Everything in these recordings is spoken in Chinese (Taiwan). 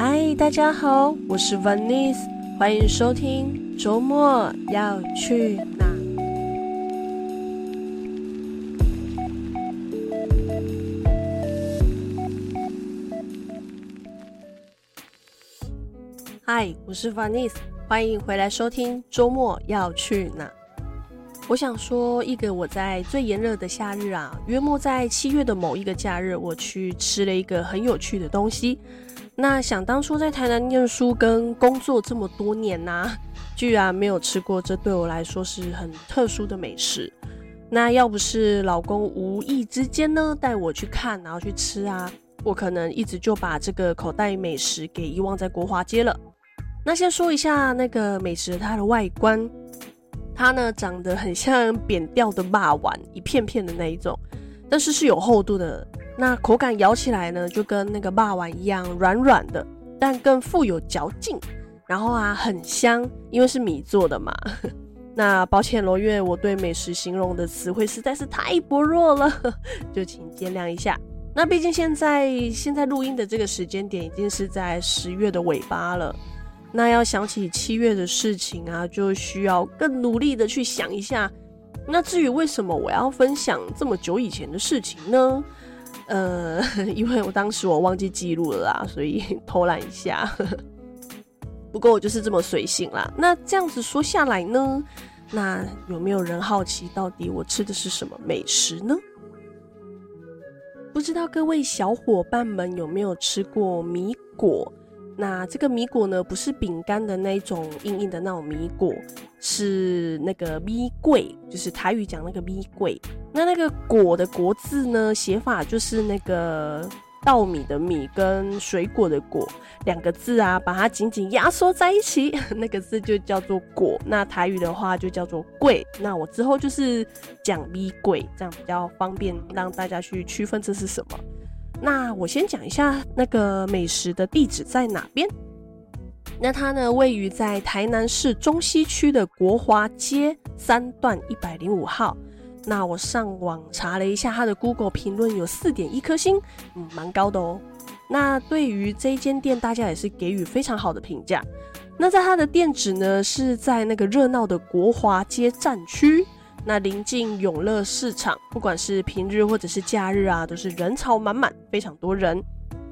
嗨，大家好，我是 Vanice，歡迎收聽週末要去哪？嗨，我是 Vanice，歡迎回來收聽週末要去哪？我想說，一個我在最炎熱的夏日啊，約莫在七月的某一個假日，我去吃了一個很有趣的東西。那想當初在台南念書跟工作這麼多年呢、啊，居然沒有吃過，這對我來說是很特殊的美食。那要不是老公無意之間呢，帶我去看，然後去吃啊，我可能一直就把這個口袋美食給遺忘在國華街了。那先說一下那個美食它的外觀，它呢長得很像扁掉的肉圓，一片片的那一種，但是是有厚度的。那口感咬起來呢，就跟那個肉圓一樣軟軟的，但更富有嚼勁。然後啊，很香，因為是米做的嘛。 那抱歉羅月，我對美食形容的詞彙實在是太薄弱了， 就請見諒一下。那畢竟現在現在錄音的這個時間點已經是在十月的尾巴了，那要想起七月的事情啊，就需要更努力的去想一下。那至於為什麼我要分享這麼久以前的事情呢？呃，因為我當時我忘記記錄了啦，所以偷懶一下呵呵。不過我就是這麼隨性啦。那這樣子說下來呢，那有沒有人好奇到底我吃的是什麼美食呢？不知道各位小伙伴們有沒有吃過米果？那這個米果呢，不是餅乾的那種硬硬的那種米果，是那個米粿，就是台語講那個米粿。那那個果的果字呢，寫法就是那個稻米的米跟水果的果，兩個字啊，把它緊緊壓縮在一起，那個字就叫做粿。那台語的話就叫做粿。那我之後就是講米粿，這樣比較方便讓大家去區分這是什麼。那我先講一下那個美食的地址在哪邊。那它呢，位於在台南市中西區的國華街三段一百零五號。那我上網查了一下它的 Google 評論有四點一顆星，嗯，蠻高的哦。那對於這一間店，大家也是給予非常好的評價。那在它的店址呢，是在那個熱鬧的國華街站區。那臨近永樂市場，不管是平日或者是假日啊，都是人潮滿滿，非常多人。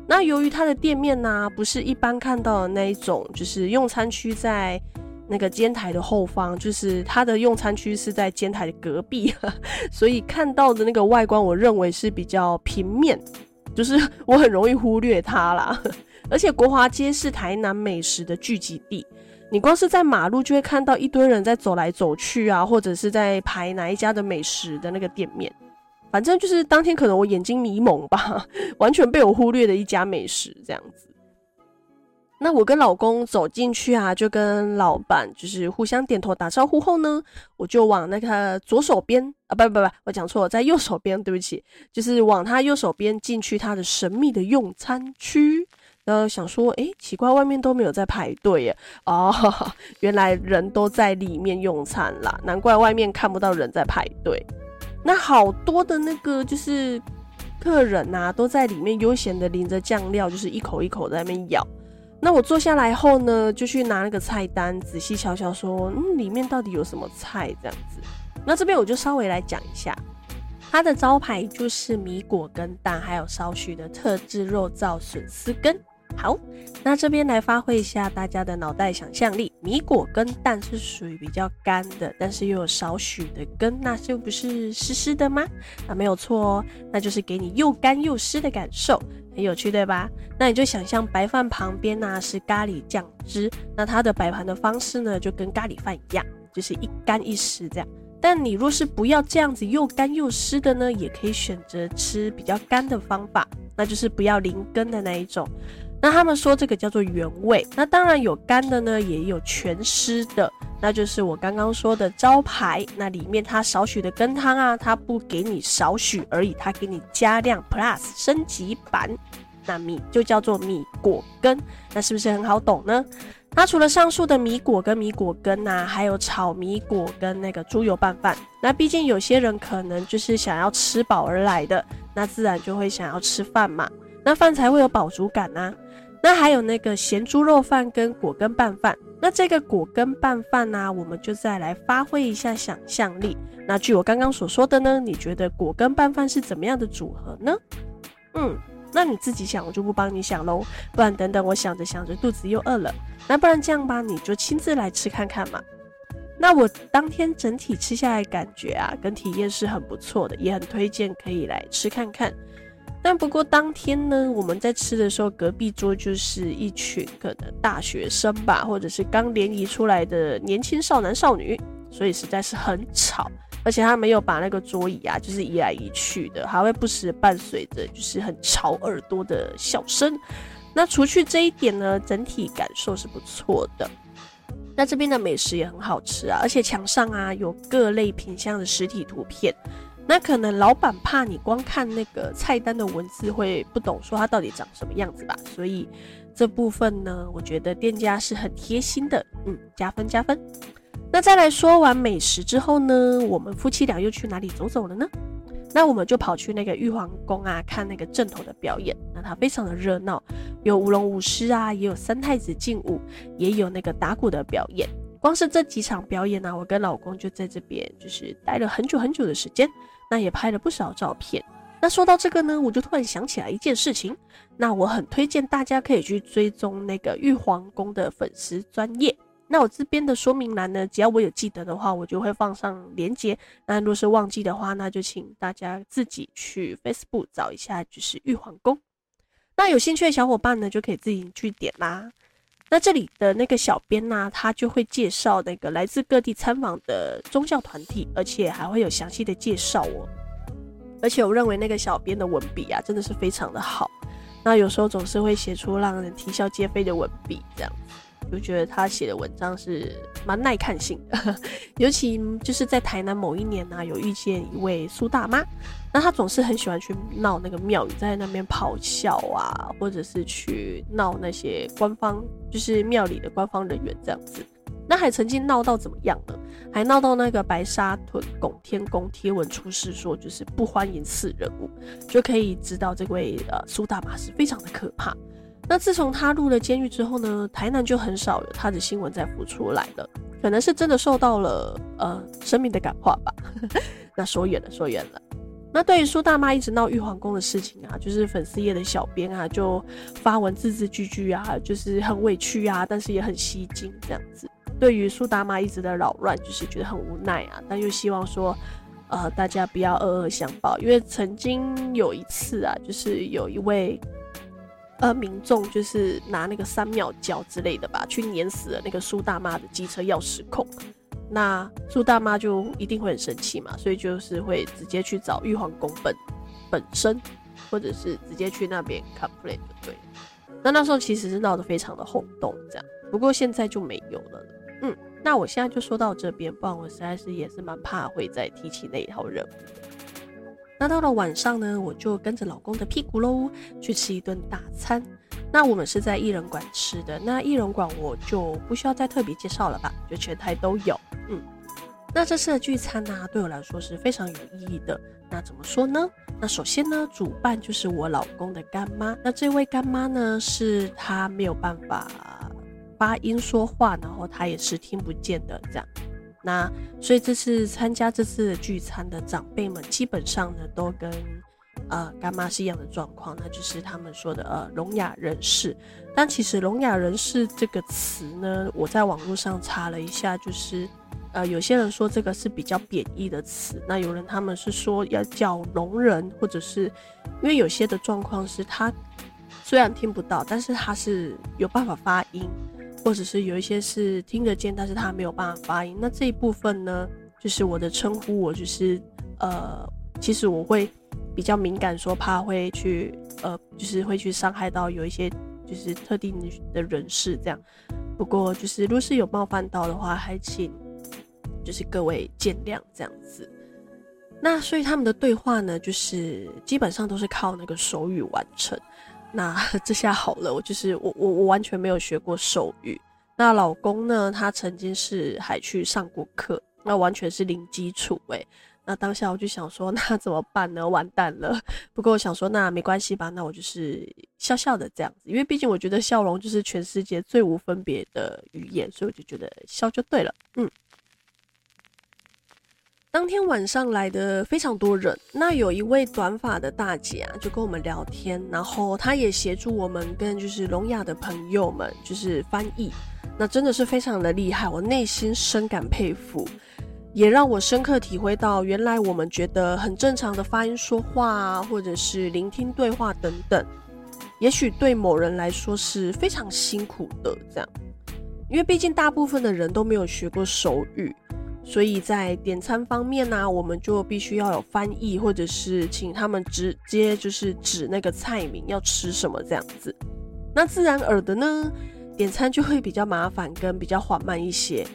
那由於它的店面呢、啊，不是一般看到的那一種，就是用餐區在那個煎台的後方，就是它的用餐區是在煎台的隔壁， 所以看到的那個外觀，我認為是比較平面，就是我很容易忽略它啦。 而且國華街是台南美食的聚集地。你光是在馬路就會看到一堆人在走來走去啊，或者是在排哪一家的美食的那個店面，反正就是當天可能我眼睛迷濛吧，完全被我忽略的一家美食這樣子。那我跟老公走進去啊，就跟老闆就是互相點頭打招呼後呢，我就往那個左手邊啊，不不不，我講錯了，在右手邊，對不起，就是往他右手邊進去他的神秘的用餐區。呃，想說，誒、欸，奇怪，外面都沒有在排隊耶。哦、oh,，原來人都在裡面用餐啦，難怪外面看不到人在排隊。那好多的那個就是客人吶、啊，都在裡面悠閒的淋着醬料，就是一口一口在那邊咬。那我坐下來後呢，就去拿那個菜單，仔細瞧瞧說，說嗯，裡面到底有什麼菜這樣子。那這邊我就稍微來講一下，它的招牌就是米粿跟蛋，還有少許的特制肉燥筍絲羹。好，那這邊來發揮一下大家的腦袋想象力米果跟蛋是屬於比較乾的，但是又有少許的羹，那是不是濕濕的嗎？那沒有錯哦，那就是給你又乾又濕的感受，很有趣對吧？那你就想象白飯旁邊呢、啊、是咖喱醬汁，那它的擺盤的方式呢就跟咖喱飯一樣，就是一乾一濕這樣。但你若是不要這樣子又乾又濕的呢，也可以選擇吃比較乾的方法，那就是不要淋羹的那一種。那他們說這個叫做原味，那當然有乾的呢，也有全濕的，那就是我剛剛說的招牌。那裡面它少許的羹湯啊，它不給你少許而已，它給你加量 Plus 升級版。那米就叫做米果羹，那是不是很好懂呢？它除了上述的米果跟米果羹吶、啊，還有炒米果跟那個豬油拌飯。那畢竟有些人可能就是想要吃飽而來的，那自然就會想要吃飯嘛，那飯才會有飽足感啊。那還有那個鹹豬肉飯跟粿羹拌飯，那這個粿羹拌飯呢，啊，我們就再來發揮一下想象力。那據我剛剛所說的呢，你覺得粿羹拌飯是怎麼樣的組合呢？嗯，那你自己想，我就不幫你想嘍。不然等等，我想着想着肚子又餓了，那不然這樣吧，你就親自來吃看看嘛。那我當天整體吃下來感覺啊，跟體驗是很不錯的，也很推薦可以來吃看看。但不過當天呢，我們在吃的時候，隔壁桌就是一群可能大學生吧，或者是剛聯誼出來的年輕少男少女，所以實在是很吵，而且他沒有把那個桌椅啊，就是移來移去的，還會不時伴隨着就是很吵耳朵的笑聲。那除去這一點呢，整體感受是不錯的。那這邊的美食也很好吃啊，而且牆上啊有各類品相的實體圖片。那可能老闆怕你光看那個菜單的文字會不懂，說它到底長什麼樣子吧。所以這部分呢，我覺得店家是很貼心的，嗯，加分加分。那再來說完美食之後呢，我們夫妻倆又去哪裡走走了呢？那我們就跑去那個玉皇宮啊，看那個陣頭的表演。那它非常的熱鬧，有舞龍舞獅啊，也有三太子勁舞，也有那個打鼓的表演。光是這幾場表演呢、啊，我跟老公就在這邊就是待了很久很久的時間。那也拍了不少照片。那說到這個呢，我就突然想起來一件事情。那我很推薦大家可以去追蹤那個玉皇宮的粉絲專頁。那我這邊的說明欄呢，只要我有記得的話，我就會放上鏈接。那若是忘記的話，那就請大家自己去 Facebook 找一下，就是玉皇宮。那有興趣的小夥伴呢，就可以自己去點啦。那這裡的那個小編呢、啊，他就會介紹那個來自各地參訪的宗教團體，而且還會有詳細的介紹哦。而且我認為那個小編的文筆啊，真的是非常的好。那有時候總是會寫出讓人啼笑皆非的文筆，這樣子。就覺得他寫的文章是蠻耐看性的， 尤其就是在台南某一年呢、啊，有遇見一位蘇大媽，那她總是很喜歡去鬧那個廟宇，在那邊咆哮啊，或者是去鬧那些官方，就是廟裡的官方人員這樣子。那還曾經鬧到怎麼樣呢？還鬧到那個白沙屯拱天宮貼文出事，說就是不歡迎此人物，就可以知道這位呃蘇大媽是非常的可怕。那自從他入了監獄之後呢，台南就很少有他的新聞再浮出來了，可能是真的受到了呃生命的感化吧。 那說遠了說遠了。那對於蘇大媽一直鬧玉皇宮的事情啊，就是粉絲頁的小編啊就發文字字句句啊，就是很委屈啊，但是也很吸睛這樣子。對於蘇大媽一直在擾亂，就是覺得很無奈啊，但又希望說，呃，大家不要惡惡相報，因為曾經有一次啊，就是有一位。呃，民眾就是拿那個三秒膠之類的吧，去黏死了那個蘇大媽的機車鑰匙孔，那蘇大媽就一定會很生氣嘛，所以就是會直接去找玉皇宮本本身，或者是直接去那邊 complain 對，那那時候其實是鬧得非常的轟動這樣，不過現在就沒有了。嗯，那我現在就說到這邊，不然我實在是也是蠻怕會再提起那一套任務。那到了晚上呢，我就跟着老公的屁股嘍，去吃一頓大餐。那我們是在藝人館吃的。那藝人館我就不需要再特別介紹了吧，就全台都有。嗯，那這次的聚餐呢，對我來說是非常有意義的。那怎麼說呢？那首先呢，主辦就是我老公的乾媽。那這位乾媽呢，是她沒有辦法發音說話，然後她也是聽不見的，這樣。那所以這次參加這次的聚餐的長輩們，基本上呢都跟呃乾媽是一樣的狀況，那就是他們說的呃聾啞人士。但其實“聾啞人士”這個詞呢，我在網絡上查了一下，就是呃有些人說這個是比較貶義的詞。那有人他們是說要叫聾人，或者是因為有些的狀況是他雖然聽不到，但是他是有辦法發音。或者是有一些是聽得見，但是他沒有辦法發音。那這一部分呢，就是我的稱呼，我就是呃，其實我會比較敏感，說怕會去呃，就是會去傷害到有一些就是特定的人士這樣。不過就是若是有冒犯到的話，還請就是各位見諒這樣子。那所以他們的對話呢，就是基本上都是靠那個手語完成。那這下好了，我就是我我我完全沒有學過手語。那老公呢？他曾經是還去上過課，那完全是零基礎誒。那當下我就想說，那怎麼辦呢？完蛋了。不過我想說，那沒關係吧？那我就是笑笑的這樣子，因為畢竟我覺得笑容就是全世界最無分別的語言，所以我就覺得笑就對了。嗯。當天晚上來的非常多人，那有一位短髮的大姐啊，就跟我們聊天，然後她也協助我們跟就是聾啞的朋友們就是翻譯，那真的是非常的厲害，我內心深感佩服，也讓我深刻體會到，原來我們覺得很正常的發音說話啊，或者是聆聽對話等等，也許對某人來說是非常辛苦的這樣，因為畢竟大部分的人都沒有學過手語。所以在點餐方面呢、啊，我們就必須要有翻譯，或者是請他們直接就是指那個菜名要吃什麼這樣子。那自然而然的呢，點餐就會比較麻煩跟比較緩慢一些。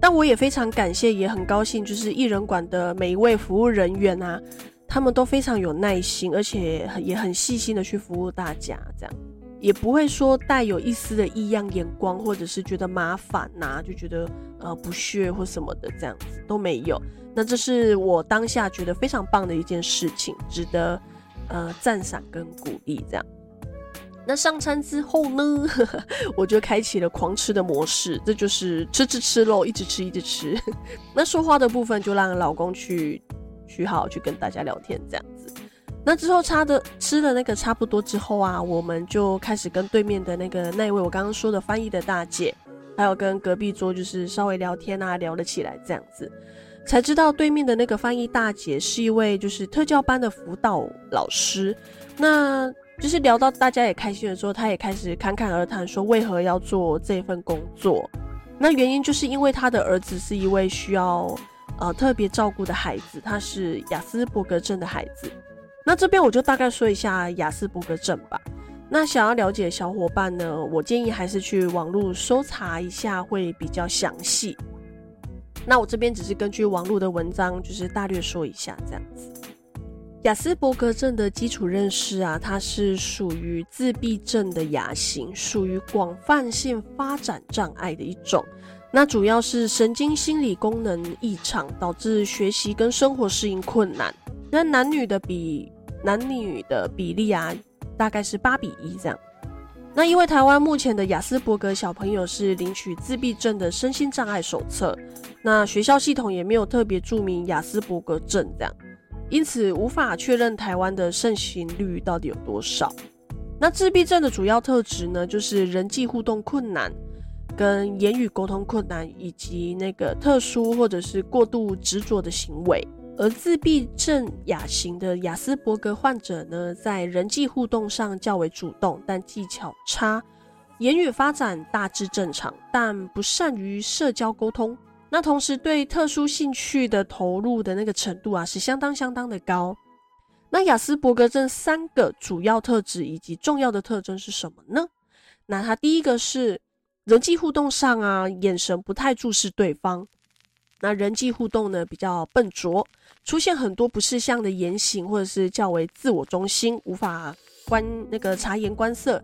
但我也非常感謝，也很高興，就是藝人館的每一位服務人員啊，他們都非常有耐心，而且也很細心的去服務大家這樣。也不會說帶有一絲的異樣眼光，或者是覺得麻煩吶、啊，就覺得呃不屑或什麼的，這樣子都沒有。那這是我當下覺得非常棒的一件事情，值得呃讚賞跟鼓勵。這樣，那上餐之後呢， 我就開啟了狂吃的模式，這就是吃吃吃嘍，一直吃，一直吃。 那說話的部分就讓老公去去好好去跟大家聊天，這樣。那之後，差的吃了那個差不多之後啊，我們就開始跟對面的那個那一位我剛剛說的翻譯的大姐，還有跟隔壁桌就是稍微聊天啊，聊了起來，這樣子，才知道對面的那個翻譯大姐是一位就是特教班的輔導老師。那就是聊到大家也開心的時候，她也開始侃侃而談，說為何要做這份工作。那原因就是因為她的兒子是一位需要呃特別照顧的孩子，他是亞斯伯格症的孩子。那這邊我就大概說一下亞斯伯格症吧。那想要了解小伙伴呢，我建議還是去網絡搜查一下會比較詳細。那我這邊只是根據網絡的文章，就是大略說一下這樣子。亞斯伯格症的基礎認識啊，它是屬於自閉症的亞型，屬於廣泛性發展障礙的一種。那主要是神經心理功能異常，導致學習跟生活適應困難。那男女的比。男女的比例啊，大概是八比一這樣。那因為台灣目前的亞斯伯格小朋友是領取自閉症的身心障礙手冊，那學校系統也沒有特別注明亞斯伯格症這樣，因此無法確認台灣的盛行率到底有多少。那自閉症的主要特質呢，就是人際互動困難、跟言語溝通困難，以及那個特殊或者是過度執着的行為。而自閉症亞型的亞斯伯格患者呢，在人際互動上較為主動，但技巧差，言語發展大致正常，但不善於社交溝通。那同時對特殊興趣的投入的那個程度啊，是相當相當的高。那亞斯伯格這三個主要特質以及重要的特徵是什麼呢？那它第一個是人際互動上啊，眼神不太注視對方，那人際互動呢比較笨拙。出現很多不適當的言行，或者是較為自我中心，無法觀那個察言觀色，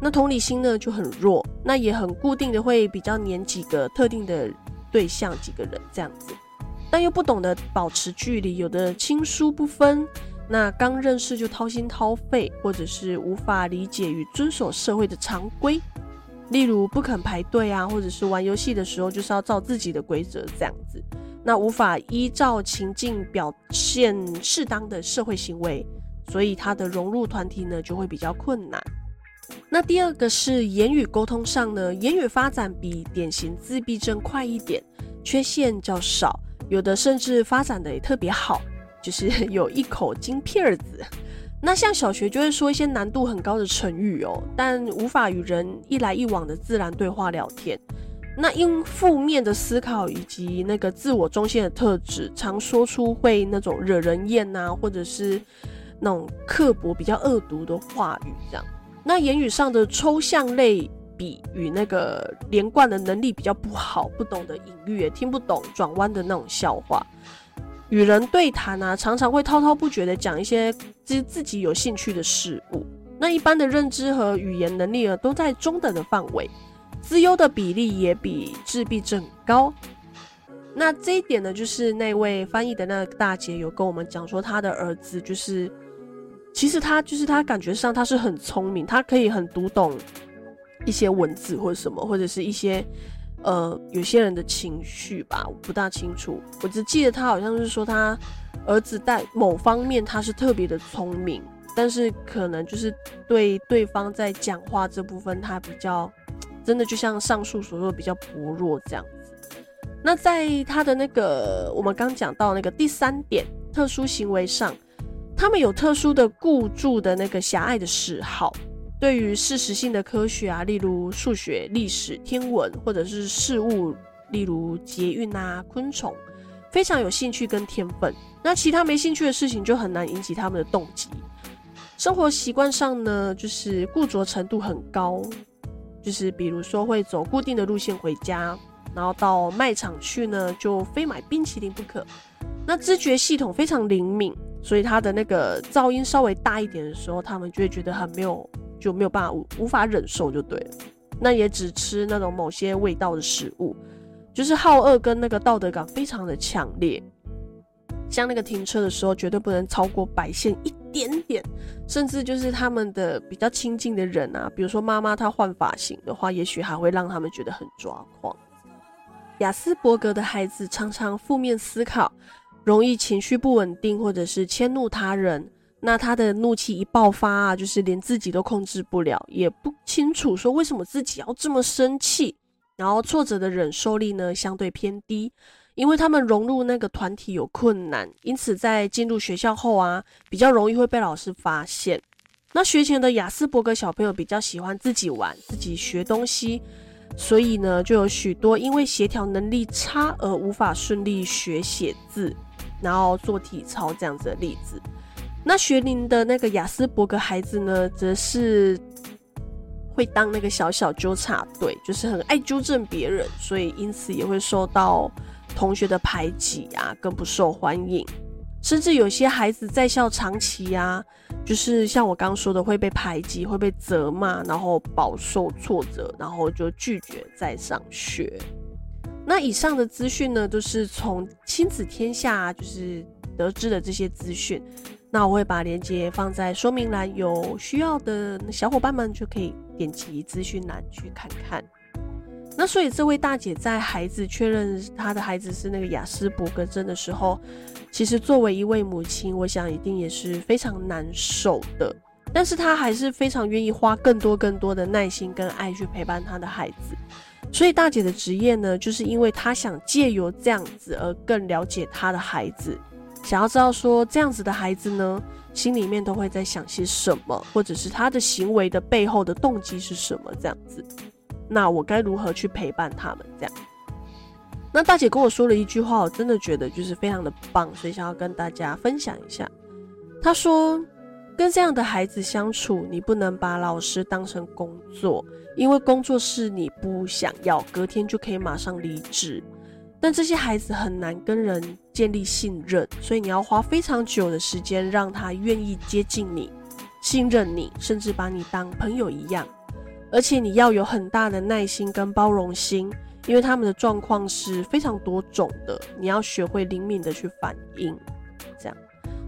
那同理心呢就很弱，那也很固定的會比較黏幾個特定的對象幾個人這樣子，但又不懂得保持距離，有的親疏不分，那剛認識就掏心掏肺，或者是無法理解與遵守社會的常規，例如不肯排隊啊，或者是玩遊戲的時候就是要照自己的規則這樣子。那無法依照情境表現適當的社會行為，所以他的融入團體呢就會比較困難。那第二個是言語溝通上呢，言語發展比典型自閉症快一點，缺陷較少，有的甚至發展得也特別好，就是有一口京片子。那像小學就會說一些難度很高的成語哦，但無法與人一來一往的自然對話聊天。那因負面的思考以及那個自我中心的特質，常說出會那種惹人厭吶、啊，或者是那種刻薄、比較惡毒的話語這樣。那言語上的抽象類比與那個連貫的能力比較不好，不懂得隱喻也聽不懂轉彎的那種笑話。與人對談啊，常常會滔滔不絕的講一些自自己有興趣的事物。那一般的認知和語言能力啊都在中等的範圍。資優的比例也比自閉症高。那這一點呢，就是那位翻譯的那個大姐有跟我們講說，他的兒子就是，其實他就是他感覺上他是很聰明，他可以很讀懂一些文字或者什麼，或者是一些呃有些人的情緒吧，我不大清楚。我只記得他好像是說，他兒子在某方面他是特別的聰明，但是可能就是對對方在講話這部分，他比較。真的就像上述所說，比較薄弱這樣子。那在他的那個，我們剛講到那個第三點，特殊行為上，他們有特殊的固著的那個狹隘的嗜好，對於事實性的科學啊，例如數學、歷史、天文，或者是事物，例如捷運啊、昆蟲，非常有興趣跟天分。那其他沒興趣的事情就很難引起他們的動機。生活習慣上呢，就是固著程度很高。就是比如說會走固定的路線回家，然後到賣場去呢，就非買冰淇淋不可。那知覺系統非常靈敏，所以它的那個噪音稍微大一點的時候，他們就會覺得很沒有就沒有辦法無，無法忍受就對了。那也只吃那種某些味道的食物，就是好惡跟那個道德感非常的強烈。像那個停車的時候，絕對不能超過白線一點點，甚至就是他們的比較親近的人啊，比如說媽媽，她換髮型的話，也許還會讓他們覺得很抓狂。亞斯伯格的孩子常常負面思考，容易情緒不穩定，或者是遷怒他人。那他的怒氣一爆發啊，就是連自己都控制不了，也不清楚說為什麼自己要這麼生氣。然後挫折的忍受力呢，相對偏低，.因為他們融入那個團體有困難，因此在進入學校後啊，比較容易會被老師發現。那學前的亞斯伯格小朋友比較喜歡自己玩、自己學東西，所以呢，就有許多因為協調能力差而無法順利學寫字、然後做體操這樣子的例子。那學齡的那個亞斯伯格孩子呢，則是會當那個小小糾察隊，就是很愛糾正別人，所以因此也會受到。同學的排擠啊，更不受歡迎，甚至有些孩子在校長期啊，就是像我剛說的會被排擠，會被責罵，然後飽受挫折，然後就拒絕再上學。那以上的資訊呢，都是從親子天下啊，就是得知的這些資訊。那我會把鏈接放在說明欄，有需要的小夥伴們就可以點擊資訊欄去看看。那所以，這位大姐在孩子確認她的孩子是那個亞斯伯格症的時候，其實作為一位母親，我想一定也是非常難受的。但是她還是非常願意花更多、更多的耐心跟愛去陪伴她的孩子。所以大姐的職業呢，就是因為她想借由這樣子而更了解她的孩子，想要知道說這樣子的孩子呢，心裡面都會在想些什麼，或者是她的行為的背後的動機是什麼，這樣子。那我該如何去陪伴他們？這樣，那大姐跟我說了一句話，我真的覺得就是非常的棒，所以想要跟大家分享一下。她說，跟這樣的孩子相處，你不能把老師當成工作，因為工作是你不想要，隔天就可以馬上離職。但這些孩子很難跟人建立信任，所以你要花非常久的時間讓他願意接近你、信任你，甚至把你當朋友一樣。而且你要有很大的耐心跟包容心，因為他們的狀況是非常多種的，你要學會靈敏的去反應，這樣。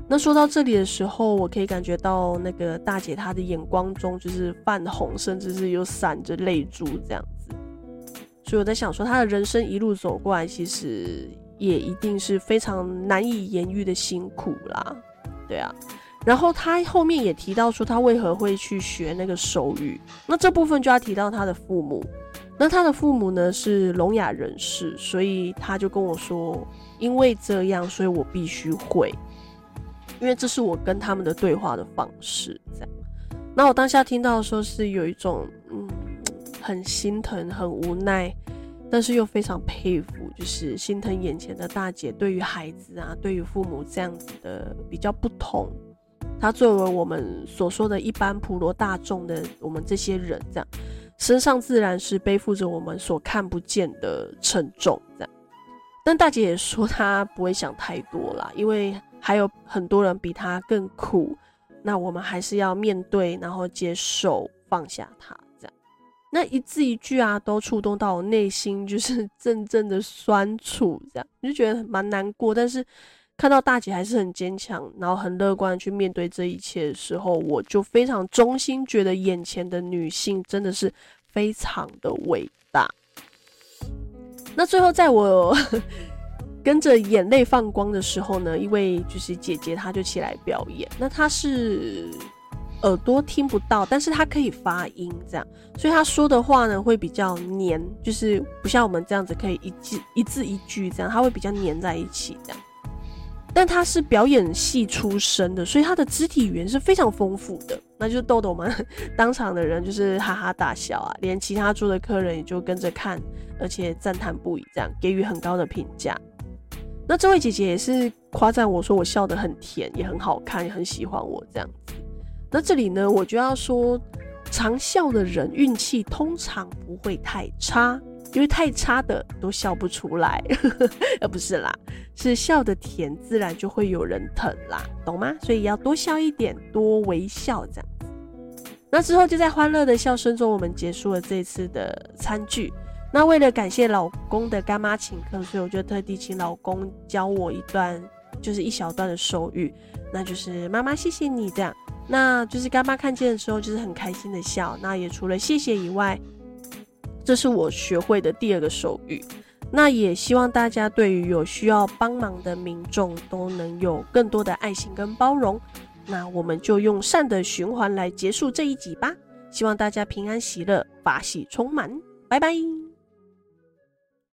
那說到這裡的時候，我可以感覺到那個大姐她的眼光中就是泛紅，甚至是有閃着淚珠這樣子。所以我在想說，她的人生一路走過來，其實也一定是非常難以言喻的辛苦啦，對啊。然後他後面也提到說，他為何會去學那個手語？那這部分就要提到他的父母。那他的父母呢是聾啞人士，所以他就跟我說，因為這樣，所以我必須會，因為這是我跟他們的對話的方式。這樣，那我當下聽到的時候是有一種，嗯，很心疼，很無奈，但是又非常佩服，就是心疼眼前的大姐對於孩子啊，對於父母這樣子的比較不同。他作為我們所說的一般普羅大眾的我們這些人，這樣身上自然是背負着我們所看不見的沉重，這樣。但大姐也說她不會想太多啦，因為還有很多人比她更苦。那我們還是要面對，然後接受，放下他。這樣。那一字一句啊，都觸動到我內心，就是陣陣的酸楚，這樣。你就覺得蠻難過，但是。看到大姐還是很堅強，然後很樂觀去面對這一切的時候，我就非常衷心覺得眼前的女性真的是非常的偉大。那最後在我 跟着眼淚放光的時候呢，因為就是姐姐她就起來表演，那她是耳朵聽不到，但是她可以發音這樣，所以她說的話呢會比較黏，就是不像我們這樣子可以一字一字一句這樣，她會比較黏在一起這樣。但他是表演系出身的，所以他的肢體語言是非常豐富的。那就是豆豆嘛，當場的人就是哈哈大笑啊，連其他桌的客人也就跟着看，而且讚嘆不已，這樣給予很高的評價。那這位姐姐也是誇讚我說我笑得很甜，也很好看，也很喜歡我這樣子。那這裡呢，我就要說，常笑的人運氣通常不會太差。因為太差的都笑不出來，呃 不是啦，是笑得甜，自然就會有人疼啦，懂嗎？所以要多笑一點，多微笑這樣。那之後就在歡樂的笑聲中，我們結束了這次的餐聚。那為了感謝老公的乾媽請客，所以我就特地請老公教我一段，就是一小段的手語，那就是媽媽謝謝你這樣。那就是乾媽看見的時候就是很開心的笑。那也除了謝謝以外。這是我學會的第二個手語，那也希望大家對於有需要幫忙的民眾都能有更多的愛心跟包容。那我們就用善的循環來結束這一集吧，希望大家平安喜樂，法喜充滿，拜拜！